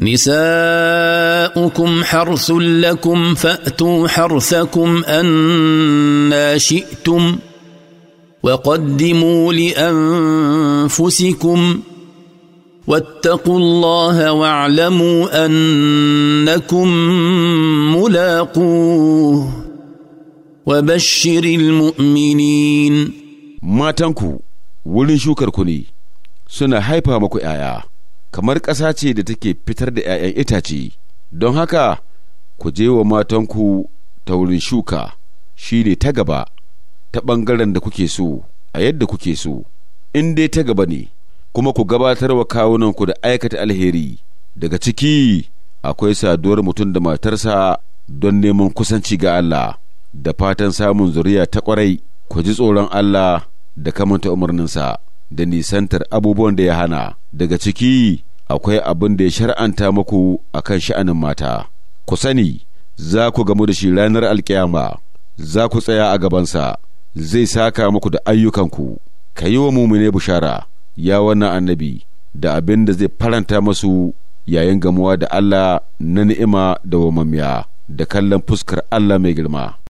نساؤكم حرث لكم فاتوا حرثكم انا شئتم وقدموا لانفسكم واتقوا الله واعلموا انكم ملاقوه وبشر المؤمنين ماتنكو ولن شكركني سنة هايبا مكو آيه kamar ƙasa ce da take fitar da ‘ya'yan itace, don haka ku je wa matanku ta wurin shuka shi ne ta gaba, ta ɓangaren da kuke so, a yadda kuke so, in dai ta gaba ne, kuma ku gabatar wa kawunanku da aikata alheri, daga ciki akwai saduwar mutum da matarsa don neman kusanci ga Allah, da fatan samun zuriya ta ƙwarai, ku ji tsoron Allah da kamanta umarninsa. da nisantar abubuwan da ya hana daga ciki akwai abin da ya shar'anta muku kan sha'anin mata ku sani za ku gamu da shi ranar alkiyama za ku tsaya a gabansa zai saka muku da ayyukanku ka yi wa mumune bushara ya wannan annabi da abin da zai faranta masu yayin gamuwa da Allah na ni'ima da wamammiya da kallon fuskar Allah mai girma